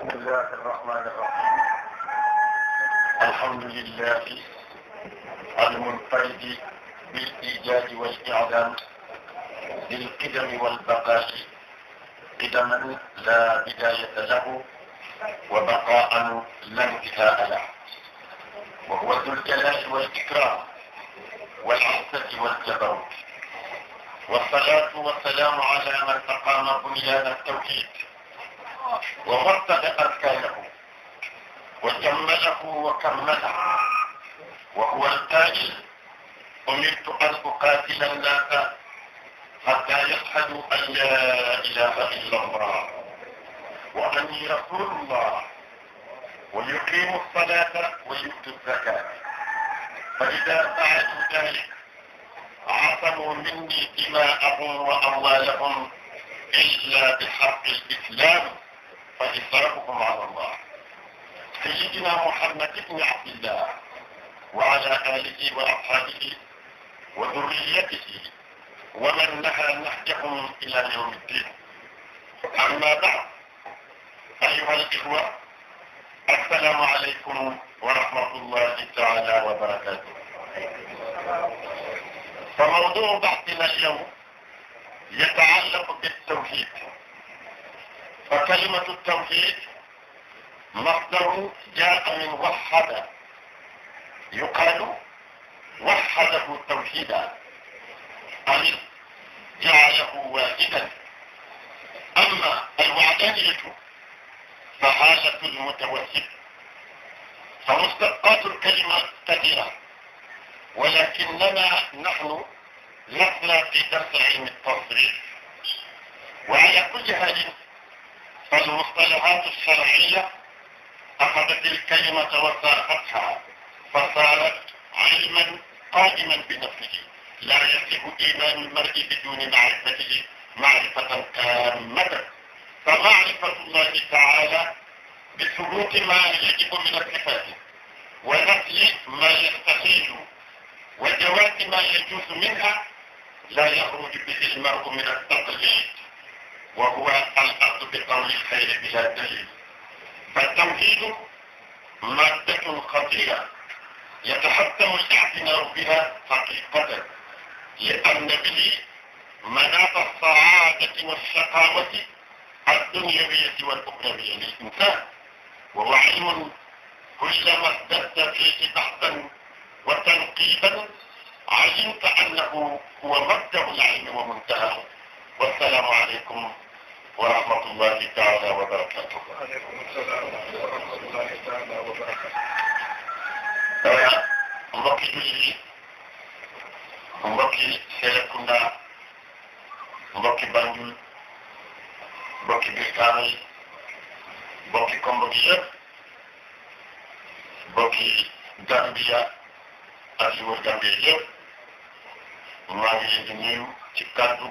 بسم الله الرحمن الرحيم الحمد لله المنفرد بالإيجاد والإعدام للقدم والبقاء قدما لا بداية له وبقاء لا انتهاء له وهو ذو الجلال والإكرام والعزة والجبروت والصلاة والسلام على من أقام بنيان التوحيد ومرتد أركانه وجمله وكمله وهو التاج أمرت أن أقاتل الناس حتى يشهدوا أن لا إله إلا الله وأني رسول الله ويقيم الصلاة ويؤتوا الزكاة فإذا فعلوا ذلك عصموا مني دماءهم وأموالهم إلا بحق الإسلام فإسرافكم على الله سيدنا محمد بن عبد الله وعلى آله وأصحابه وذريته ومن نهى نهجهم إلى يوم الدين أما بعد أيها الإخوة السلام عليكم ورحمة الله تعالى وبركاته فموضوع بحثنا اليوم يتعلق بالتوحيد فكلمة التوحيد مصدر جاء من وحد يقال وحده توحيدا أي جعله واحدا أما الوحدانية فحالة المتوحد فمستقات الكلمة كثيرة ولكننا نحن لسنا في درس علم التصريف وعلى كل هذه فالمصطلحات الشرعية أخذت الكلمة وساقتها فصارت علما قائما بنفسه لا يصح إيمان المرء بدون معرفته معرفة تامة فمعرفة الله تعالى بثبوت ما يجب من الصفات ونفي ما يستحيل وجواز ما يجوز منها لا يخرج به المرء من التقليد وهو الأخذ بقول الخير بلا دليل فالتوحيد مادة خطيرة يتحتم الاعتناء بها حقيقة لأن به مناط السعادة والشقاوة الدنيوية والأخروية للإنسان وهو علم كلما ازددت فيه بحثا وتنقيبا علمت أنه هو مبدأ العلم ومنتهاه السلام عليكم ورحمة الله تعالى وبركاته وعليكم السلام ورحمة الله تعالى وبركاته mbokki julli mbokki Serekunda mbokki Banjul mbokki Birkaama yi mbokki Kombo gi yëpp mbokki Gambia ak Gambia yëpp maa ngi leen di nuyu ci kàddu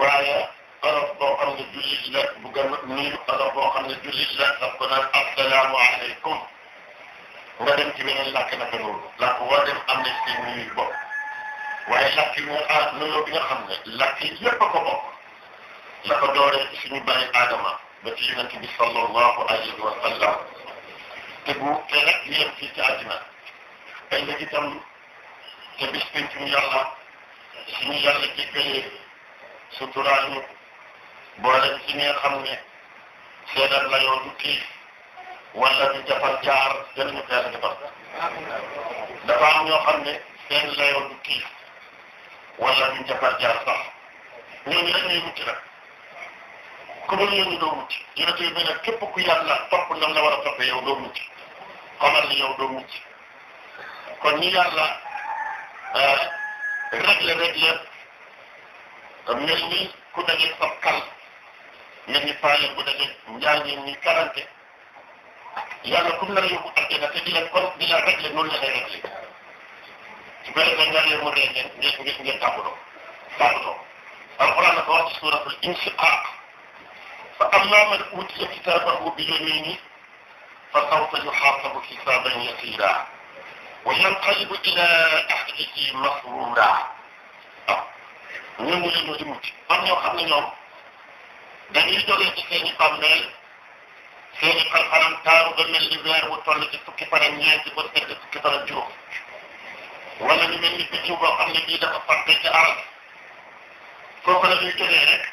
waaye arab boo xam ne jullit la bu gën a nuyu arab boo xam ne jullit la daf ko naan assalaamu aleykum nga dem ci beneen làkk naka loolu làkk boo dem am na si nuyu bopp waaye làkk yi mooy ah nuyoo bi nga xam ne làkk yi yépp a ko bokk la ko dooree ci suñu bàyyi aadama ba ci yonent bi sallallahu alayhi wa sallam te bu te rek yéen fii ci àddina ay léegi itam te bis penc mu yàlla suñu yàlla jéggalee suturaal ñu boole ci ñi ne seetal la yoon kii wala du jafar jaar jël ñu teel jafar dafa am ñoo ne seen la yoon kii wala du jafar jaar sax ñooñu rek ñuy wuti nag ku dul ñooñu doo wuti yonent bi nag képp ku yàlla topp na la war a topp yow doo wuti xamal ni yow doo wuti kon ñi yàlla euh, réglé réglé mel ni ku dajeeg ab kal mel ni paa bu dajeeg njaañeen ni karante yàlla ku nar a yóbbu àjjana te di la kon di la réglé noonu la lay réglé su ko defee nga leen mu ree ngeen ngeen ngeen ngeen tàggatoo tàggatoo alquran dafa wax ci suratul inshiqaq fa amma man utiya kitabahu bi yamini fa sawfa yuhasabu hisaban yasira wa yanqalibu ila ahlihi masrura ñun ñu leen di mucc am ñoo xam ne ñoom dañuy jógee ci seen i bàmmeel seen i xalxalam taaru ba mel ni weer bu toll ci fukki fan ak ñeenti ba tëdd fukki fan ak juróom wala ñu mel ni biccu boo xam ne bii dafa fàtte ci arab kooku la ñuy jógee rek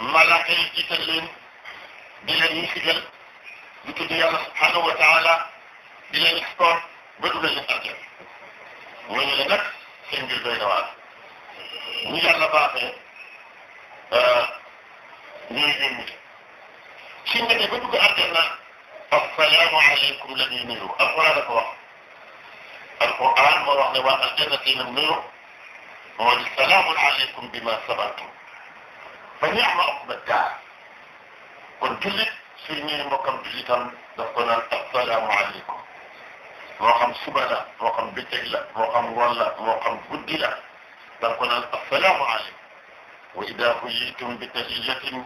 malaaka yi jiital leen di leen musigal di tudd yàlla subhanahu wa taala di leen sport ba dugal ñu àjjana ñooñu la nag seen mbir doy na waar mujarrabaɓe leydi sinno ɓe goɗɗugo arjanna assalamu aleykum ladi miru alqurana ko wax alquran mo wax ne wa aljanna tino miru mowoni salamun aleykum bima sabartum fa niama uqba dar kon jullit suy ñëwee mbokkam jullitam daf ko naan assalamu aleykum moo xam suba la moo xam bëccëg la moo xam ngoon la moo xam guddi la فقل السلام عليكم وإذا حييتم بتحية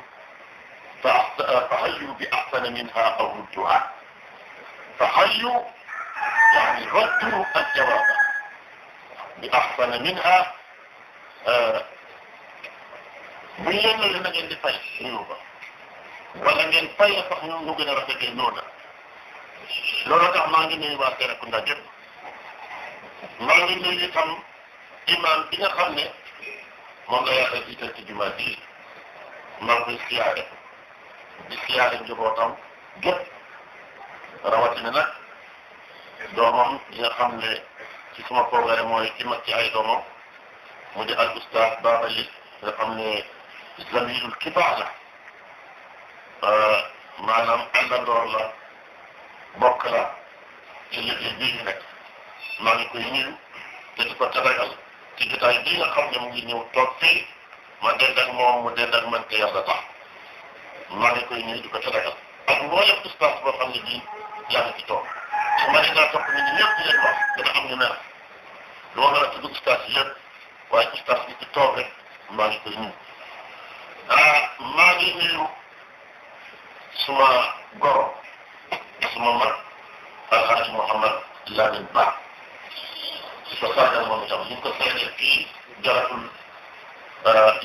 فحيوا بأحسن منها أو ردها فحيوا يعني ردوا الجواب بأحسن منها بيانا آه، لما ينفي حيوبا ولم ينفي فحيوا نغن رفقين نونا لو رجع ما نيني واسيرا كنا جب ما نيني تم imam bi nga xamne mom la la ci tan ci jumaa ji imam koy siyaare di siyaare njabootam gépp rawatina nag doomam bi nga xam ne ci sama programme moy ci ma ci ay doomam mo di al oustaz Baba li nga xamne zamirul zamilul kibaar la maanaam la bokk la ci liggéey bii ñu nekk maa ngi koy ñu te di ko tabagal ci jotaay bi nga xam ne mu ngi ñëw toog fii ma dend ak moom mu dend ak man te yàlla tax maa ngi koy nuyu di ko tëragal ak mboolem ustaas boo xam ne bii yaa ci toog ma ne naa topp nit ñi ñëpp leen wax dana ñu mer du mën a tudd Ba ñu ngi ko feeñal fii jaratul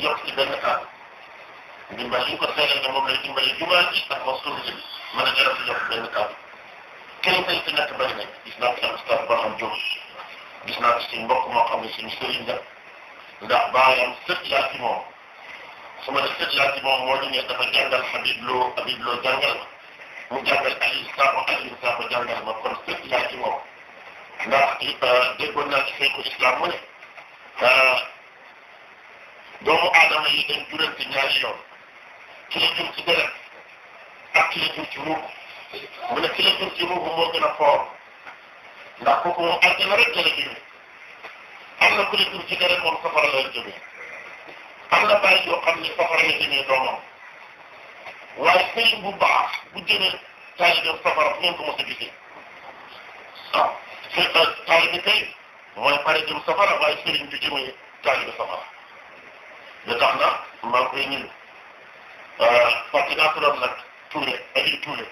yokk ci benn kaar ndimbal ñu ko feeñal ne moom lay dimbali jumaa ji ak moom sunna bi mën a jaratul yokk benn kaar kenn tey fi nekk bari nañ gis naa ci ustaz ba xam jóg Habib Lo Habib Lo ndax déggoon naa ci feeku islam mu ne doomu aadama yi dañ jurante ñaari yoon ki la jur ci deret ak ki la jur ci ruuxu mu ne ki la jur ci ruuxu moo gën a foor ndax kooku moom àjjana rek la jur am na ku la jur ci deret moom safara la jëmee am na bàyyi yoo xam ne safara la jëmee doomam waaye sëy bu baax bu jëmee taalibe safara fu ngeen ko mos a gisee waaw taalibe kay mooy pare jëm safara waaye sëriñ bi jëmee taalibe safara da tax na maa ngi koy ñëw fàtte naa ko doon nag tuure Aliou Touré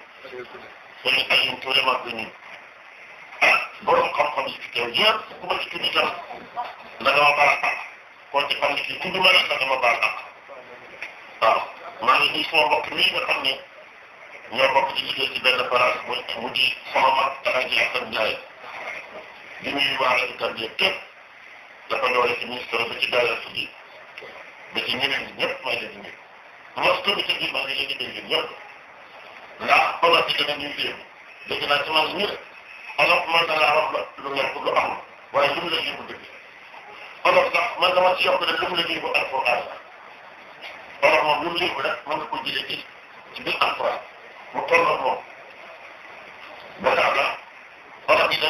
sëriñ Aliou Touré maa ngi koy ñëw ah borom xam-xam yi fi teew yëpp ku ma ci tudd itam na nga ma baal àq koo ci xam ne kii tudd ma rek na nga ma baal àq waaw maa ngi nuyu sama mbokk mii nga xam ne ñoo bokk ci liggéey ci benn place mu mu di sama mag Alaaji Asan Njaay li muy waale établir képp dafa doole ci ministre ba ci daara su bi ba ci ñeneen ñi ñëpp maa ngi leen di nuyu lorsque bi ci biir maa ngi leen di nuyu ñëpp ndax xoolal ci dana ñuy léem dégg naa ci man ñu alors man danaa wax la lu nekk lu am waaye lu mu la yóbbu dëgg alors sax man dama ci yokk rek lu mu la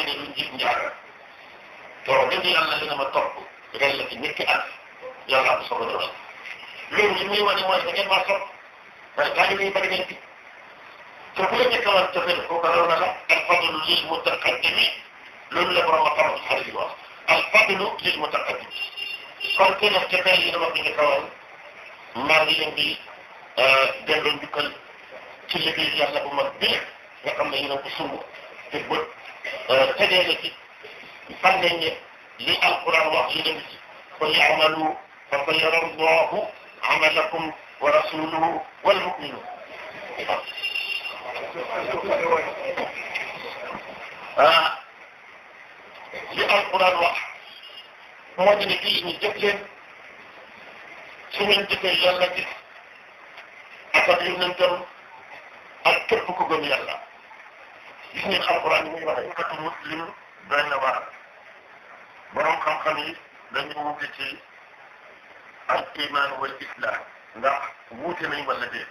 خير من دي جاري تعددي الذين متقوا غير في ملك ألف يلا بصبر دوس لو جميع وانا وانا كان ما صب بل كان لي بدل تقول لك كما تفعل فقرانا الفضل للمتقدمين لولا برا مقام الحرج الواسط الفضل للمتقدمين قال كنا افتكار لنا مقام الكوان ما لي ينبي دلون بكل كل بيجي على أمك بيه رقم لنا بسوء في البيت caɗeele ɗi fanneñe li alquran wahyide miti ko yamalu fako yara llahu amalakum wa rasuluhu walmuminun li alquran wax moo waɗine ɗi mi jokleen sumin jëfe yàlla gis akam yonentam ak képp ko gëm yàlla من القرآن muy waxe katul muslim doy na waar borom xam-xam yi dañu wuute ci al iman wal islam ndax wuute nañ wala déet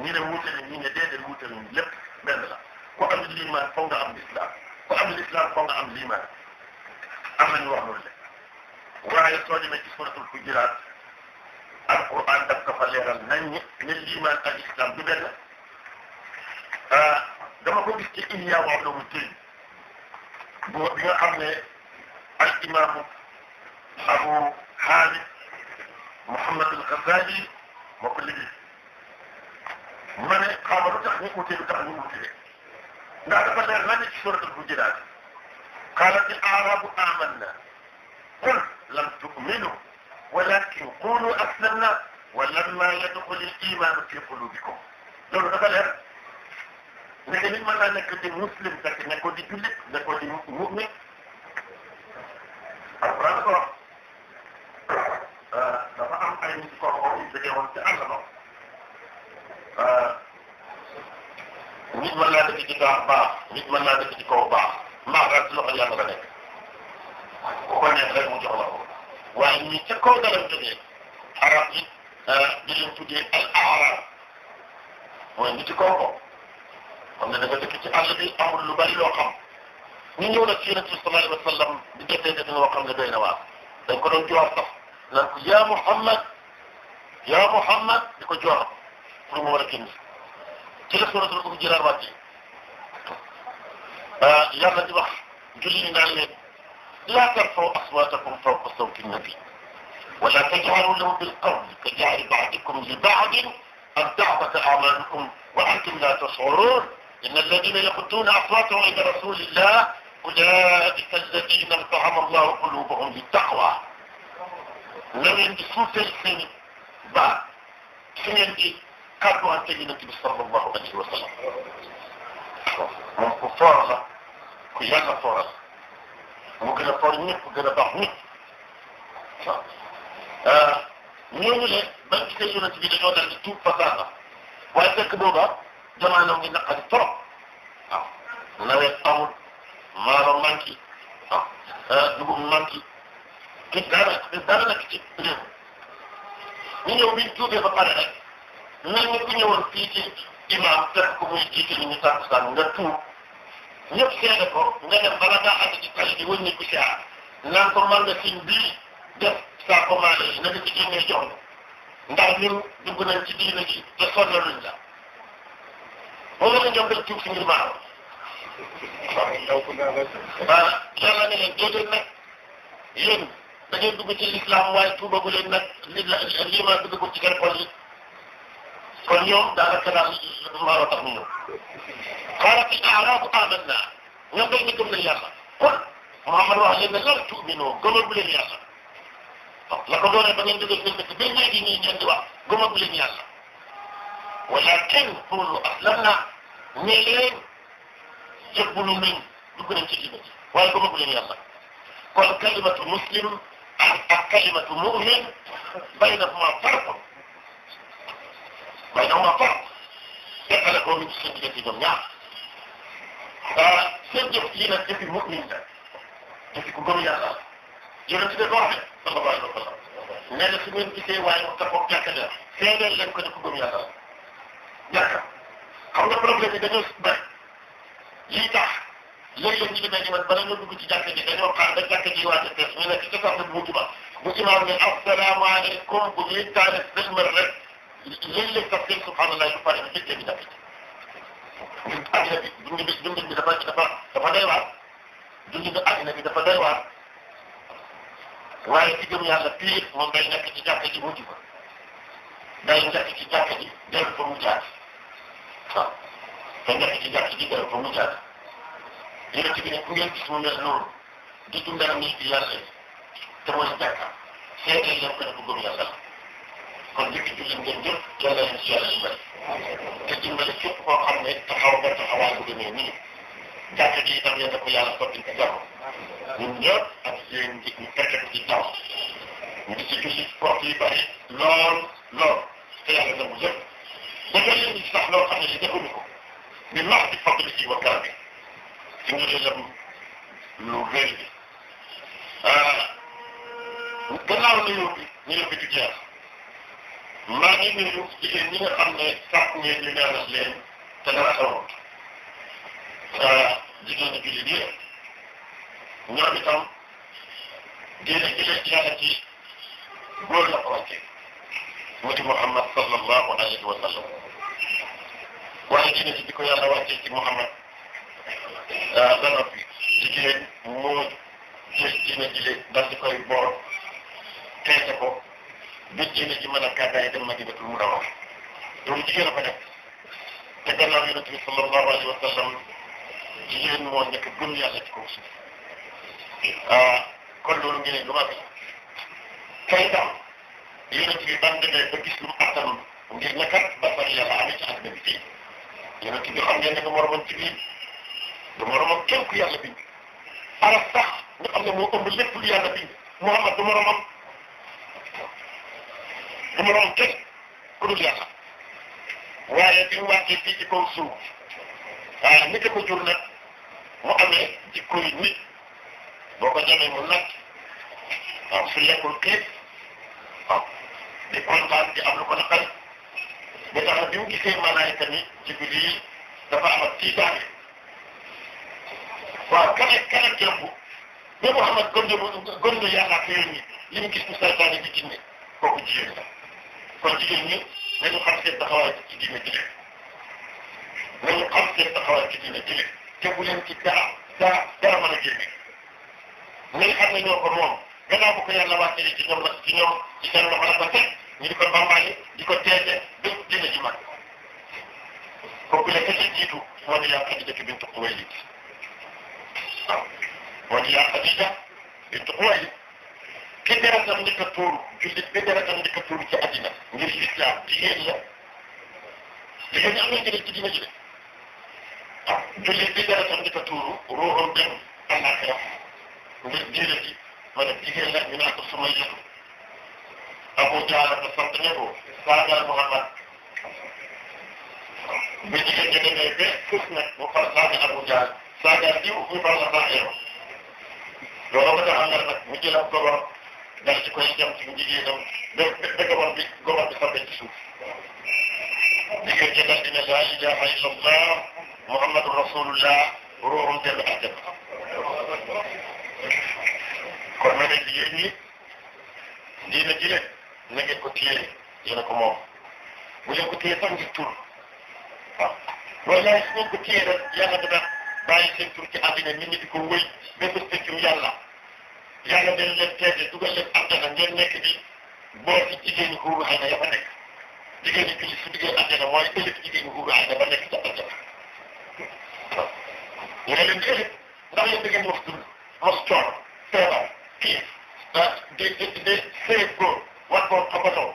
ñi ne wuute nañ ñi ne déedéet wuute nañ lépp benn la ku am liman foog nga am l'islam ku am l'islam foog nga am liman am nañu wax loolu le waaye soo demee ci suratul fujiraat alquran daf ko fa leeral nañ ne liman ak islam du benn dama ko gis ci Ihya wa Ulumuddin boo bi nga xam ne al imaamu Abu Haalid Muhammad al-Ghazali moo ko liggéey ma ne xaama lu tax ñu utee lu tax ñu utee ndax dafa leer nañu ci surat al-Hujurat qaalat al-a'raabu aamanna qul lam tu'minu walakin qulu aslamna walamma yadxuli al-iimaanu fi quluubikum loolu dafa leer nekk nit mën naa nekk di muslim fekk nekkoo di jullit nekkoo di mu'min alquran ko dafa am ay nit koo xam ne jógee woon ci àll ba nit mën naa dëkk ci kaw baax nit mën naa dëkk ci kaw baax mbaax daal ci loxo yàlla la nekk ku ko neex rek mu jox la ko waaye ñi ca kaw dalam jógee arab yi di leen tuddee al aarab mooy nit ci kaw ko ومن ذلك تأجري أمر اللبالي من يولد فينا في صلى الله عليه وسلم بجهة يدد لدينا وعلا لن يكون عندي وعطة يا محمد يا محمد لكو جوارب في الموركين كيف سورة الوقم جرار يا الذي وحش جلين لا ترفعوا أصواتكم فوق صوت النبي ولا تجعلوا له بالقول كجعل بعضكم لبعض الدعوة أعمالكم وأنتم لا تشعرون إن الذين يغضون أصواتهم عند رسول الله أولئك الذين امتحن الله قلوبهم بالتقوى ومن بسوسة السنة با سنة دي قالوا عن كلمة صلى الله عليه وسلم من كفارها كيانا فارها وقنا فارنيك وقنا بعميك آه، نيوم لك بانك تجونا تبيدنا لتوب فتانا وعندك بوضع jama no ngi naqari trop waaw nawet amul maaro manki waaw dugub manki te dara dara nekk ci ñu ñëw biñ tuubee ba pare rek mel ni ku ñëwoon fii ci imam fekk ko muy jiite ñu tàkkusaan nga tuub ñëpp seede ko nga dem bala ngaa àgg ci tali bi wëñ ni ku siyaar naan ko man nga siñ bii def saa ko maale yi na nga ci génnee jox ndax ñun dugg nañ ci diina ji te sonnaluñ la هو لك جنب الجوف من المعرض yàlla ne leen déedéet nag yéen da ngeen dugg ci lislaam waaye tuubagu leen nag li la lii ma duggagul ci seen xol yi kon ñoom daanaka daal maaro tax ñu ñëw xaarat al aaraabu aman naa ñoom dañ ne gëm nañ yàlla kon Muhammad wax leen ne lan tuuminoo gëmagu leen yàlla la ko doonee ba ngeen dugal seen dëkk ba léegi ñii ngeen di wax gëmagu leen yàlla walakin qulu aslamnaa ne leen yëbbulu nañ dugg nañ ci diina ji waaye gëmagu leen yàlla kon kalimatu muslim ak kalimatu mu'min baynahuma farqun baynahuma farq teqale ko min ci seen diggante ñoom ñaar seen jëf yi nag jëfi mu'min la jëfi ku gëm yàlla yonente de wax sallallahu alayhi wa sallam nee na su ngeen gisee waaye wax ta foog jàkka de seedeel leen ko ne ku gëm yàlla jàkka xam nga problème bi dañoo bëri lii tax léeg-léeg ñu demee ni man bala nga dugg ci jàkka ji dañoo xaar ba jàkka ji waate tees ñu nekk ci sax bu mujj ba bu imaam ne asalaamaaleykum bu ñuy taale sëlmal rek léeg-léeg sax seen subhanallah bu pare bi fekkee bi jàkka ji àddina bi dund bi dund bi dafa dafa dafa doy waar dund bi àddina bi dafa doy waar waaye ci gëm yàlla pire moom day nekk ci jàkka ji mujj ba day nekk ci jàkka ji dem fa mu jaar Tamam. tidak de iki dakika gider konuşacağız. Yönetimine kuyen kısmında nur. Gittim ben mihtilası. Tımaşı dakika. Sen de yaptığını bu konuya sal. Kondaki dilim döndür, cukup siyasi var. Kesinlikle çok korkan ve tahavva tahavva kudemeyini. Zaten ki tam yada kuyala sokun kızar. Bunda aksiyon dikkat kitap. Bu disiplin korkuyu bari lor lor. Seyahat edemeyecek. فلن يصلح له أن يدخلكم من محض فضله وكرمه إن لم يغير gannaaw na yóbbi ñu yóbbi du jaar maa ngi nuyu jigéen ñi nga xam ne sàkk ngeen ñu ñaanal leen te dara xawoon jigéen ñi julli nii ñoom itam diine gi leen yàlla ci góor la ko wàcce mu di Muhammad sallallahu alayhi wa sallam waaye ci nit yi di ko yàlla wàccee ci Muhammad ba noppi jigéen moo jël jinne ji dal di koy boor teese ko ba jinne ji mën a gàddaay dem Madinatul Munawwara loolu jigéen a ko def te gannaaw yonent bi sallallahu alayhi wa sallam jigéen moo njëkk gëm yàlla ci kaw suuf kon loolu ngeen lu ma bi kay tam yonent bi ban demee ba gis lu mu attan ngir nakat ba far yàlla amee ci àdduna bi fii yonent bi xam ngeen ne du moromam ci biir du moromam kenn ku yàlla bind arab sax nga xam ne ëmb lépp lu yàlla bind muhammad du moromam du moromam kenn ku dul yàlla waaye bi mu wàccee fii ci kaw suuf waaye nit ko jur nag mu amee ci koy nit boo ko jamee mu nag waaw su lekkul xiif waaw di kontaan di am lu ko naqari ba tax bi mu gisee malaayika ni Jibril dafa am ak tiitaange waaw kan ak kan ak jàmbu ba Muhammad gëm na gëm na li mu gis mu saytaane bi jinne kooku jigéen la kon jigéen ñi nañu xam seen taxawaay xam seen taxawaay ci diine jigéen te bu leen ci dara dara dara mën a génne nañ xam ne ñoo ko moom gannaaw bu ko yàlla wàccee ci ñoom la ci ñoom ci seen loxo la ko teg ñu di ko normal di ko teete bépp dina ji mag kooku la ka ci jiitu moo di yaa Xadija ki bintu Xuwaylid waaw moo di yaa Xadija bintu Xuwaylid ki deretam di ko tuur jullit bi deretam di ko tuur ci àddina ngir lislaam jigéen la jigéen ñi am nañ njëriñ ci dina ji de waaw jullit bi deretam di ko tuuru ruuxam dem àllaaxira ngir diine ji ma ne jigéen la ñu naan ko suma yëfu أبو جهل فصدره صادر محمد بيجي كده بيجي كسمة وفرصاد أبو جهل صادر ديو وفرصاد إيرو لو ربنا عمل لك بيجي لك قبر درس كوي جم تيجي لهم بقبر بقبر بسبب السوف بيجي كده بيجي لا إله إلا الله محمد رسول الله روح جل ala ko moom bu leen ko téye sax ngir tur waaw wala su ngeen ko téye rek yàlla dana bàyyi seen tur ci àddina nit ñi di ko wëy ba bés peccum yàlla yàlla dañ leen teete dugal leen àddana ngeen nekk di boo ci jigéen ñi xuuru ay na ya fa nekk jigéen ñi julli su duggee àddina mooy ëllëg jigéen ñi xuuru ay na ba nekk ca àddina waaw wala leen di ëllëg ndax yéen da ngeen wax dund wax coor feebar kiif ah di di di séeg góor war koo xabatoo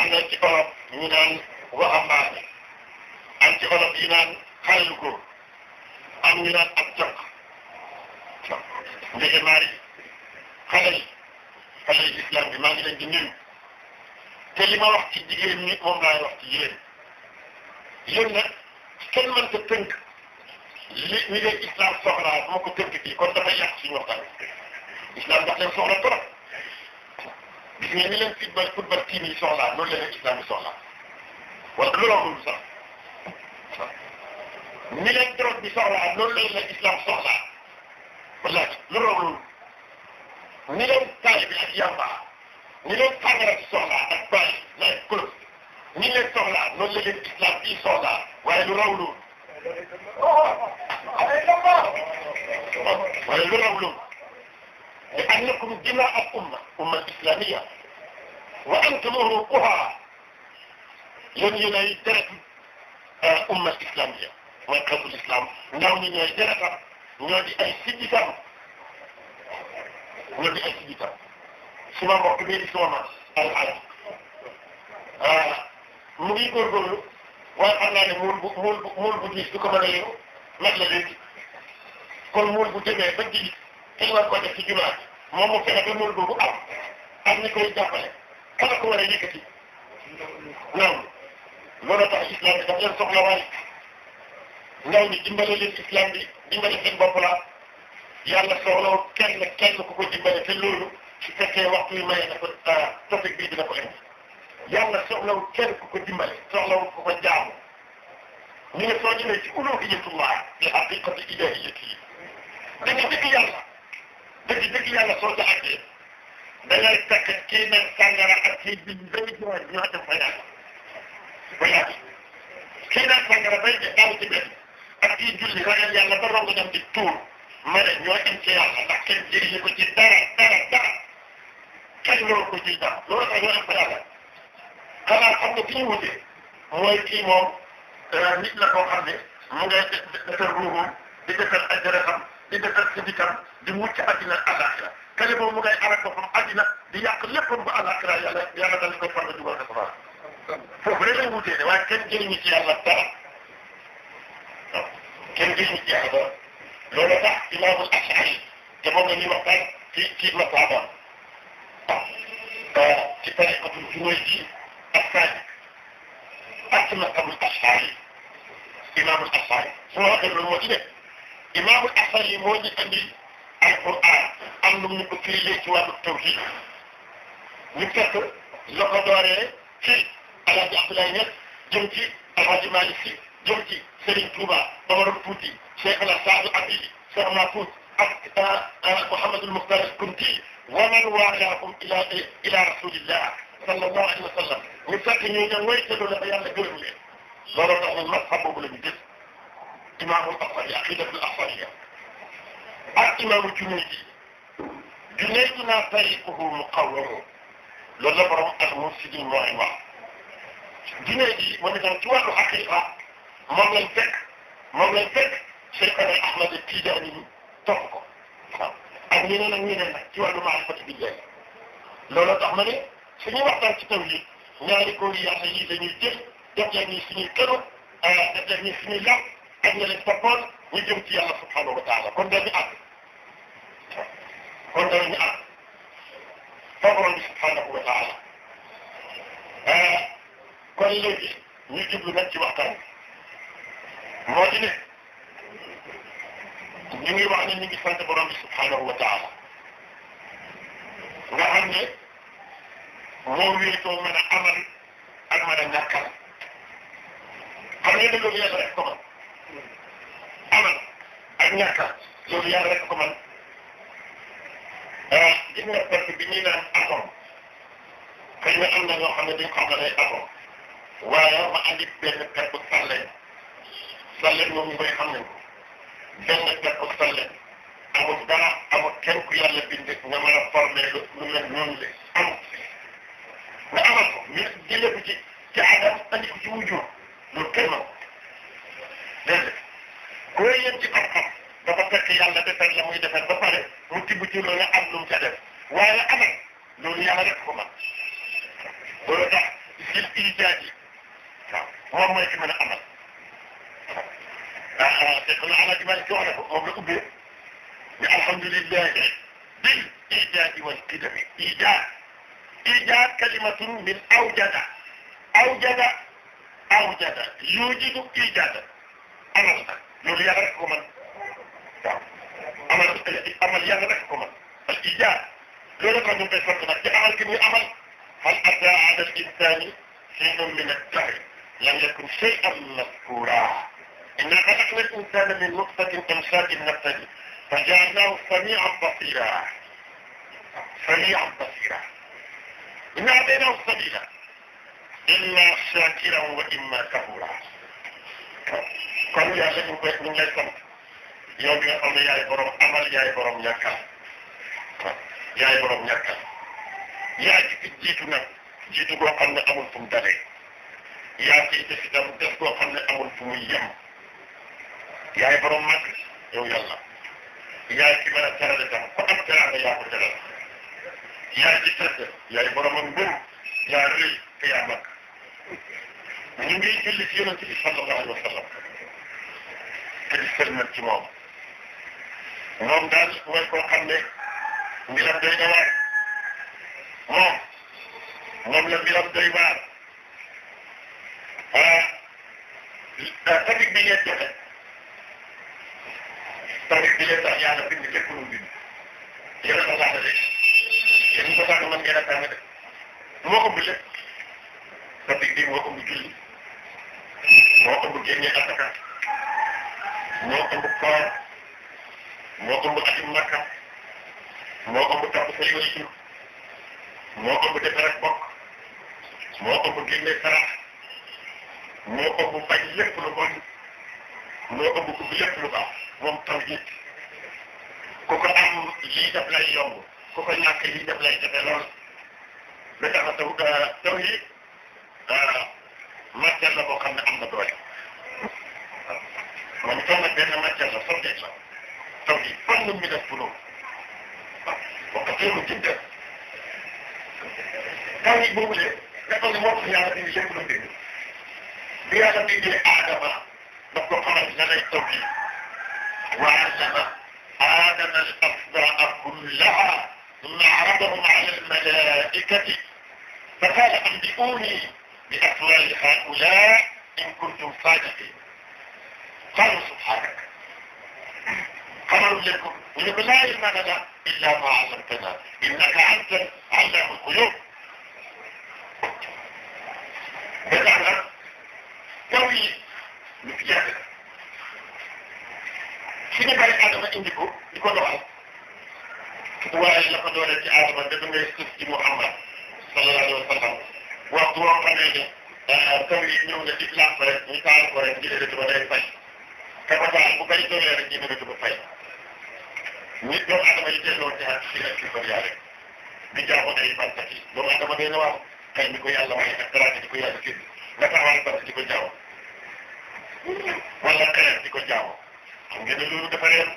am na ci olof ñu naan waxambaane am ci olof yi naan xale yu góor am ñu naan ab jànq njëgëmaar yi xale yi xale yi islam bi maa ngi leen di nuyu te li ma wax ci jigéen ñi moom laay wax ci yéen yéen nag kenn mënta tënk li ni leen islam soxlaa moo ko tënk fii kon dafay yàq suñu waxtaan islam daf leen soxla trop gis nga ni leen football football team yi soxlaa loolu la leen islam soxlaa wala loolu sax ni leen drogue bi soxlaa loolu la leen islam soxlaa wala loolu ni leen taay bi ak yamba ni leen tàngara soxlaa ak baay la ak club ni leen soxlaa loolu la leen islam bi soxlaa waaye lu raw loolu waaye lu raw loolu لأنكم دماء الأمة أمة إسلامية وأنتم روحها يونينا آه، يدرك أمة إسلامية مركز الإسلام نونينا يدرك نودي أي سيدي كان نودي أي سيدي كام سما مقبل سما الحياة mu ngi góorgóorlu waaye xam naa ne muul bu muul bu muul bu diis du ko mën a yëngu nag la léegi kon muul bu demee ba diis dañ war koo def ci jumaa ji moom mu fexe ba mën boobu am ak ñi koy jàppale kala ko war a yëkkati ndaw ñi loolu tax islam bi daf leen soxla waay ndaw ñi dimbale leen islam bi dimbale seen bopp la yàlla soxlawul kenn kenn ku ko dimbale te loolu su fekkee waxtu yi maye na ko topic bii dina ko indi yàlla soxlawul kenn ku ko dimbale soxlawul ku ko jaamu ñu ne soo ñëwee ci uluhiyyatullah bi haqiqati ilahiyati يلا صوت أكيد بلاك تكتين سنة رأتي بالبيت وزيوات الحياة ولكن كده سنة بيت أو تبين أكيد جل غير يلا برا ونم بالطول مرة يوكن سياحة لكن جيه بجي دارة دارة دارة كان لو بجي دارة لو أنا أفرادة كما قمت فيه ودي هو يكيمو آه، مثل كو خمي مو غير تفروهم بتفر أجرهم di defar ci dikam di mucc àddina alaxira kale boobu mu ngay alak boppam àddina di yàq léppam ba alaxira yàlla yàlla dañ koy farga dugal dafa baax foofu rek lay wutee ne waaye kenn jëriñu ci yàlla dara waaw kenn jëriñu ci yàlla dara loolu tax imaamul ashari te moom la ñuy waxtaan ci ci mataaba waaw ci tariqatul juróoy ji ak saalik ak ci matabul ashari imaamul ashari su ma waxee loolu ci imaamu asali moo ñu andi alquran am lu mu ko firile ci wàllu tawhid ñu fekk la ko dooree ci alaaji abdoulaye ñet jëm ci alaaji malik si jëm ci sëriñ touba bamaram tuuti cheikh la saadu abidi cheikh makout ak mouhamadul muhtar kunti wa man waalahum ila ila rasulillah sallallahu alayhi wa sallam ñu fekk ñu ne woytadoo la ba yàlla gërëm leen looloo tax na mazhab boobu la ñu gis إمام الأصلي عقيدة الأصلية الإمام الجنيدي جنيدنا فريقه مقوم للبرم المنسد المعلمة جنيدي ومن توال الحقيقة من الفك شيخنا أحمد التيجاني تفقه أمينا أمينا توال معرفة بالله لولا تعملي سني وقتا تتولي ناري يا سيدي نيجي يبقى نيسني كرو يبقى آه، نيسني لك dañu toppoon mu jëm ci yàlla subhanahu wa taala kon dañu àgg kon dañu àgg fa borom bi subhanahu wa taala kon léegi ñu jublu nag ci waxtaan bi moo di ne ñu ngi wax ne ñu ngi sant borom bi subhanahu wa taala nga xam ne moo wéetoo mën a amal ak mën a ñàkkal xam ne dëgg yàlla rek ko man amal ak ñàkk loolu yàlla rek ko man ah gis nga parce que bi ñuy naan atom xëy na am na ñoo xam ne duñ xam ne day atom waaye ma andi benn pepp salleen salleen moom ñu koy xam nañ ko benn pepp salleen amul dara amul kenn ku yàlla bind nga mën a formé lu lu mel noonu de amul nga amal ko mais jëlee ko ci ci aadam andi ko ci wujur loolu kenn ma ko fekk yàlla defar la muy defar ba pare mu tibb ci loolu am lu mu ca def waaye amal loolu yàlla rek ko man loolu tax fil ijaad yi waaw moom mooy ki mën a amal waaw te xam nga alaaji Malick wax na ko moom la ubbee ne alhamdulillah bil ijaadi wal qidami ijaad ijaad kalimatun min awjada awjada awjada yujidu ijaada amal na loolu yàlla rek ko man waaw amal amal yàlla rek ko man al ijaa loolu ko ñu ngi koy sant nag ci amal gi muy amal hal ataa ala al insani shay'un min ad-dahr lam yakun shay'an mazkura inna khalaqna al insana min nutfatin amshajin nabtali فجعلناه سميعا بصيرا سميعا بصيرا إن هديناه السبيل إما شاكرا وإما كفورا قالوا يا شيخ بيت من لا يسمع yow bi nga xam ne yaay borom amal yaay borom ñàkkal yaay borom ñàkkal yaa ci jiitu nag jiitu koo xam ne amul fu mu dalee yaa ciy def itam def koo xam ne amul fu muy yem yaay borom màgg yow yàlla yaay ci mën a terale tam ku am teraanga yaa ko teral yaay ci tedd yaay borom ak mbir yaa rëy te yaa màgg ñu ngi julli ci yonente bi sallallahu alayhi wa sallam te di sëlmal ci moom moom daal mooy koo xam ne mbiram doy na waar moom moom la mbiram doy waar ah tamit bi ngeen joxe tamit bi ngeen tax yàlla bind képp lu bind yéen a ko baax a def yéen ñu ko baax a mën ngeen a tàng de moo ëmb lépp tamit bi moo ëmb julli moo ëmb génne asaka moo ëmb koor moo ëmb ak Makka moo ëmb topp sa yonent moo ëmb defar ak bokk moo ëmb génne sarax moo ëmb bañ lépp lu bon moo ëmb ko lépp lu baax moom tam it ku ko am lii daf lay yomb ku ko ñàkk lii daf lay jafe lool ba tax taw taw yi matière la boo xam am na doole waaw man taw nag benn la sottee la التوحيد فن من الفنون وكثير جدا كان يقول لي لقد موقف على دين شيء من الدين بهذا الدين آدم نقول خرج لنا التوحيد وعلم آدم الأفضاء كلها ثم عرضهم على الملائكة فقال أنبئوني بأفوال هؤلاء إن كنتم صادقين قالوا سبحانك أعلمكم ولم لا علمنا لا إلا ما علمتنا إنك أنت علم القلوب بدأنا قوي مكتابة شنو بقى الأدب عندكم لكل واحد هو لقد ولد آدم بدون يستفتي محمد صلى الله عليه وسلم وقت وقت عليه آه، قوي إنه نتفلع فرد نتعرف فرد جلد ولا يفعل كما تعلم بقى الدنيا رجيم رجب فيه nit doomu adama yi delloo ci ak si nekk ko yàlla di jaamu day barkati doomu adama day na war xëy ni ko yàlla waaye ak daraate di ko yàlla kii nga taxawal barke di ko jaamu wala xeer di ko jaamu xam ngeen ne loolu dafa reer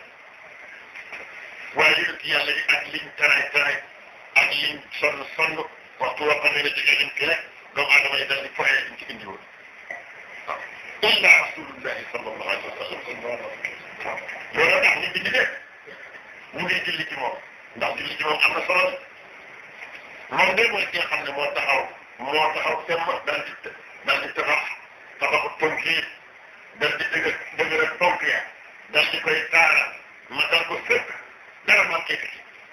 waaye yu ci yàlla yi ak liñ taraay taraay ak liñ sonn sonn waxtu woo xam ne ne jógee liñ kii rek doomu adama yi dal di foyee liñ ci indi woon waaw illa rasulullahi sallallahu alayhi wa sallam loolu tax nit ñi di def mu ngi julli ci moom ndax julli ci moom am na solo moom de mooy ki nga xam ne moo taxaw moo taxaw seen ma dal di dal di tabax tabaxu ponk yi dal di dëgg dëgëral ponk ya dal di koy taara matal ko sëkk dara manqué bi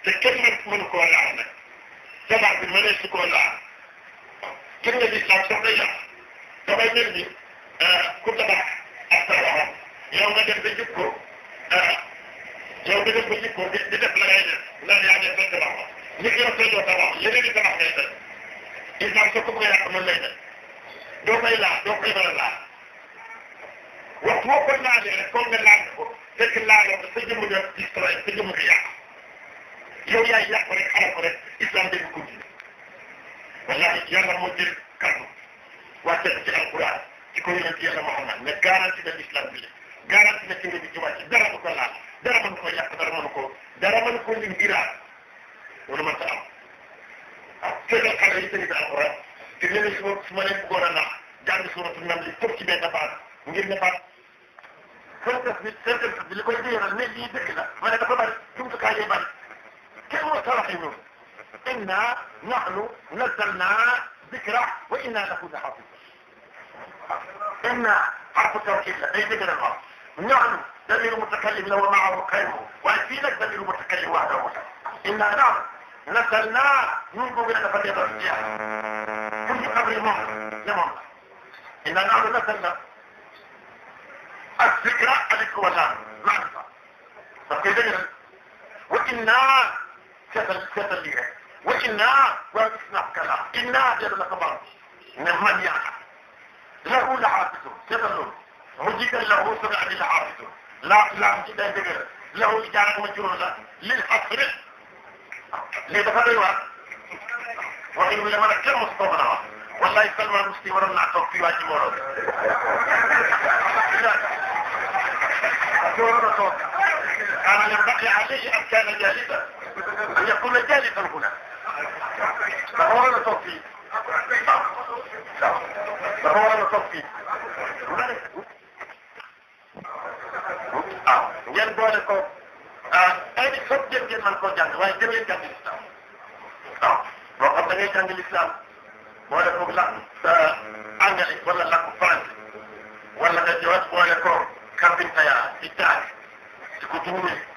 te kenn mën mënu koo laal nag tabax bi mënee su koo laal gis nga li sax sax day yàq damay mel ni ku tabax ak tabaxam yow nga dem ba jub ko يومين بسيط ورديت بدك ملايين لا يعني بنت معه نقدر نسوي تمام يلي تمام هذا إذا مسكوا يا من لينا دوما لا دوما لا وقوة كنا عليه كنا لا لكن لا نسجم من إسرائيل سجم رياح يو يا يا فريق على فريق إسلام دي بكون والله يلا مدير كرم واتبت القرآن يكون يلا محمد نجارة الإسلام بيه جارة نتيجة بجواتي جارة بكل عالم dara man ko yàq dara man ko dara man ko lim biraat wala man ta am ak tëgal xale yi tënk alquran te nee na su ma su ma leen bëggoon a nax jàng suratu nam li foofu ci benn baat ngir ne baat sentence bi sentence bi li koy déyal ne lii dëgg la ma ne dafa bari jumtukaay yi bari kenn moo tawaxee noonu inna nahnu nazzalna dhikra wa inna lahu lahafiz inna harfu tawkid la day dëgg la nahnu دليل متكلم لو معه غيره ويكفينك متكلم المتكلم وحده إنا نعم نسلنا منذ بأن نفريض الرجال كل قبر يا لممكن إنا نعم نسلنا الذكرى عليك والنار معرفة فكذلك وإنا كتل كتل وإنا وإسنا كلا إنا جل كبار نمن يعني له لحافظ كتل رجل له سبع لحافظ la la ci day dëgër lewu jàng ma juróom la lil xasri lii dafa doy waar wax yu la ma nag kenn mosu ko mën a wax wallahi Salman Rushdie waroon naa toog fii waa ci mbooloo bi waroon a toog كان ينبغي عليه أن كان جالسا أن يكون جالسا هنا فهو لا تصفي فهو لا تصفي jelboode ko ene fof jelgel man ko jàng waaye demee jàngi l'islam waaw boo xam da ngay jàngi l'islam boole ko la anglais wala làkku français wala nga jowat boole ko carpintaya ci taag di ko jumlee